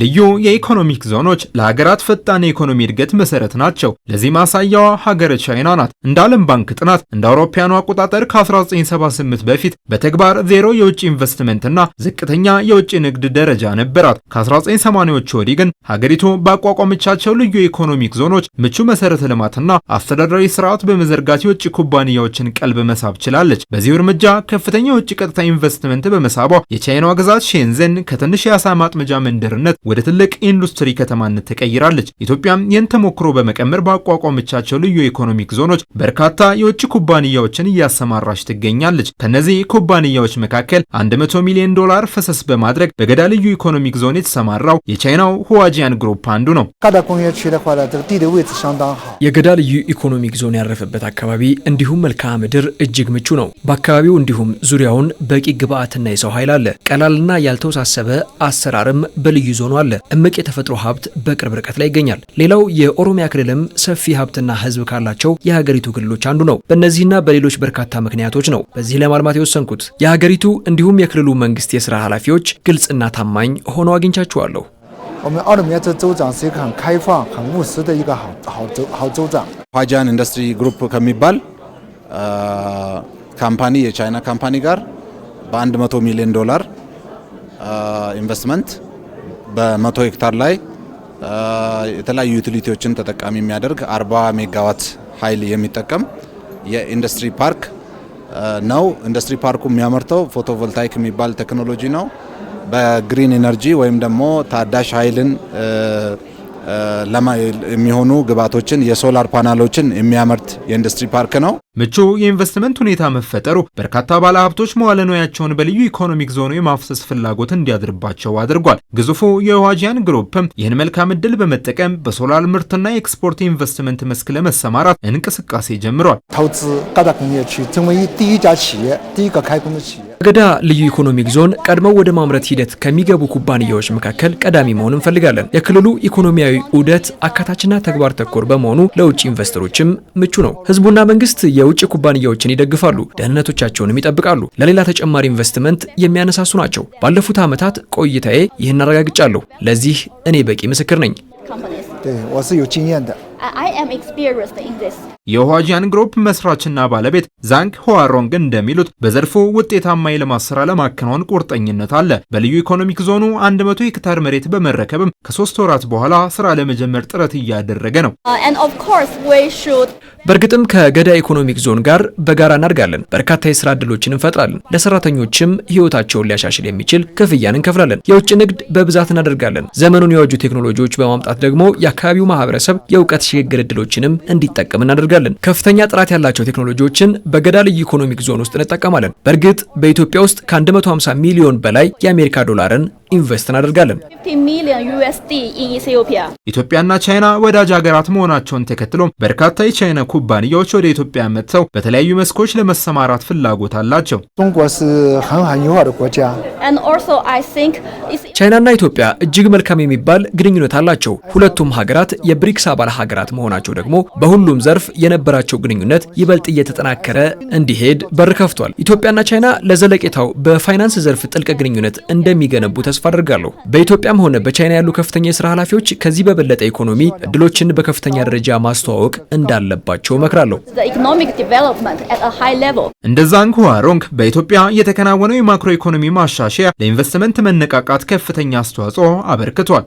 ልዩ የኢኮኖሚክ ዞኖች ለሀገራት ፈጣን የኢኮኖሚ እድገት መሰረት ናቸው። ለዚህ ማሳያዋ ሀገረ ቻይና ናት። እንደ ዓለም ባንክ ጥናት እንደ አውሮፓውያኑ አቆጣጠር ከ1978 በፊት በተግባር ዜሮ የውጭ ኢንቨስትመንትና ዝቅተኛ የውጭ ንግድ ደረጃ ነበራት። ከ1980ዎቹ ወዲህ ግን ሀገሪቱ ባቋቋመቻቸው ልዩ የኢኮኖሚክ ዞኖች ምቹ መሰረተ ልማትና አስተዳደራዊ ስርዓት በመዘርጋት የውጭ ኩባንያዎችን ቀልብ መሳብ ችላለች። በዚሁ እርምጃ ከፍተኛ የውጭ ቀጥታ ኢንቨስትመንት በመሳቧ የቻይናዋ ግዛት ሼንዘን ከትንሽ የአሳ ማጥመጃ መንደርነት ወደ ትልቅ ኢንዱስትሪ ከተማነት ተቀይራለች። ኢትዮጵያም ይህን ተሞክሮ በመቀመር ባቋቋመቻቸው ልዩ የኢኮኖሚክ ዞኖች በርካታ የውጭ ኩባንያዎችን እያሰማራች ትገኛለች። ከነዚህ ኩባንያዎች መካከል 100 ሚሊዮን ዶላር ፈሰስ በማድረግ በገዳ ልዩ ኢኮኖሚክ ዞን የተሰማራው የቻይናው ሁዋጂያን ግሩፕ አንዱ ነው። የገዳ ልዩ ኢኮኖሚክ ዞን ያረፈበት አካባቢ እንዲሁም መልክዓ ምድር እጅግ ምቹ ነው። በአካባቢው እንዲሁም ዙሪያውን በቂ ግብአትና የሰው ኃይል አለ። ቀላልና ያልተወሳሰበ አሰራርም በልዩ ዞኑ ሆኖ አለ። እምቅ የተፈጥሮ ሀብት በቅርብ ርቀት ላይ ይገኛል። ሌላው የኦሮሚያ ክልልም ሰፊ ሀብትና ህዝብ ካላቸው የሀገሪቱ ክልሎች አንዱ ነው። በእነዚህና በሌሎች በርካታ ምክንያቶች ነው በዚህ ለማልማት የወሰንኩት። የሀገሪቱ እንዲሁም የክልሉ መንግስት የስራ ኃላፊዎች ግልጽና ታማኝ ሆነው አግኝቻችኋለሁ። ፋጃን ኢንዱስትሪ ግሩፕ ከሚባል ካምፓኒ የቻይና ካምፓኒ ጋር በ100 ሚሊዮን ዶላር ኢንቨስትመንት በመቶ ሄክታር ላይ የተለያዩ ዩቲሊቲዎችን ተጠቃሚ የሚያደርግ 40 ሜጋዋት ኃይል የሚጠቀም የኢንዱስትሪ ፓርክ ነው። ኢንዱስትሪ ፓርኩ የሚያመርተው ፎቶቮልታይክ የሚባል ቴክኖሎጂ ነው። በግሪን ኢነርጂ ወይም ደግሞ ታዳሽ ኃይልን የሚሆኑ ግብዓቶችን የሶላር ፓናሎችን የሚያመርት የኢንዱስትሪ ፓርክ ነው። ምቹ የኢንቨስትመንት ሁኔታ መፈጠሩ በርካታ ባለሀብቶች መዋለ ንዋያቸውን በልዩ ኢኮኖሚክ ዞኑ የማፍሰስ ፍላጎት እንዲያድርባቸው አድርጓል። ግዙፉ የዋጂያን ግሩፕም ይህን መልካም እድል በመጠቀም በሶላር ምርትና የኤክስፖርት ኢንቨስትመንት መስክ ለመሰማራት እንቅስቃሴ ጀምሯል። አገዳ ልዩ ኢኮኖሚክ ዞን ቀድመው ወደ ማምረት ሂደት ከሚገቡ ኩባንያዎች መካከል ቀዳሚ መሆን እንፈልጋለን። የክልሉ ኢኮኖሚያዊ ዑደት አካታችና ተግባር ተኮር በመሆኑ ለውጭ ኢንቨስተሮችም ምቹ ነው። ህዝቡና መንግስት የውጭ ኩባንያዎችን ይደግፋሉ፣ ደህንነቶቻቸውንም ይጠብቃሉ፣ ለሌላ ተጨማሪ ኢንቨስትመንት የሚያነሳሱ ናቸው። ባለፉት ዓመታት ቆይታዬ ይህን አረጋግጫለሁ። ለዚህ እኔ በቂ ምስክር ነኝ። 对我是有经验的。I am experienced in this. የሁዋጂያን ግሩፕ መስራችና ባለቤት ዛንግ ሆዋሮንግ እንደሚሉት በዘርፉ ውጤታማ የልማት ስራ ለማከናወን ቁርጠኝነት አለ። በልዩ ኢኮኖሚክ ዞኑ 100 ሄክታር መሬት በመረከብም ከሶስት ወራት በኋላ ስራ ለመጀመር ጥረት እያደረገ ነው። uh, And of course we should በእርግጥም ከገዳ ኢኮኖሚክ ዞን ጋር በጋራ እናድጋለን። በርካታ የስራ እድሎችን እንፈጥራለን። ለሰራተኞችም ህይወታቸውን ሊያሻሽል የሚችል ክፍያን እንከፍላለን። የውጭ ንግድ በብዛት እናደርጋለን። ዘመኑን የዋጁ ቴክኖሎጂዎች በማምጣት ደግሞ የአካባቢው ማህበረሰብ የእውቀት ሽግግር እድሎችንም እንዲጠቀም እናደርጋለን። ከፍተኛ ጥራት ያላቸው ቴክኖሎጂዎችን በገዳ ልዩ ኢኮኖሚክ ዞን ውስጥ እንጠቀማለን። በእርግጥ በኢትዮጵያ ውስጥ ከ150 ሚሊዮን በላይ የአሜሪካ ዶላርን ኢንቨስት እናደርጋለን። ኢትዮጵያና ቻይና ወዳጅ ሀገራት መሆናቸውን ተከትሎ በርካታ የቻይና ኩባንያዎች ወደ ኢትዮጵያ መጥተው በተለያዩ መስኮች ለመሰማራት ፍላጎት አላቸው። ቻይናና ኢትዮጵያ እጅግ መልካም የሚባል ግንኙነት አላቸው። ሁለቱም ሀገራት የብሪክስ አባል ሀገራት መሆናቸው ደግሞ በሁሉም ዘርፍ የነበራቸው ግንኙነት ይበልጥ እየተጠናከረ እንዲሄድ በር ከፍቷል። ኢትዮጵያና ቻይና ለዘለቄታው በፋይናንስ ዘርፍ ጥልቅ ግንኙነት እንደሚገነቡ ተስፋ ተስፋ አድርጋለሁ። በኢትዮጵያም ሆነ በቻይና ያሉ ከፍተኛ የስራ ኃላፊዎች ከዚህ በበለጠ ኢኮኖሚ እድሎችን በከፍተኛ ደረጃ ማስተዋወቅ እንዳለባቸው እመክራለሁ። እንደ ዛንግ ሁዋሮንግ በኢትዮጵያ የተከናወነው የማክሮ ኢኮኖሚ ማሻሻያ ለኢንቨስትመንት መነቃቃት ከፍተኛ አስተዋጽኦ አበርክቷል።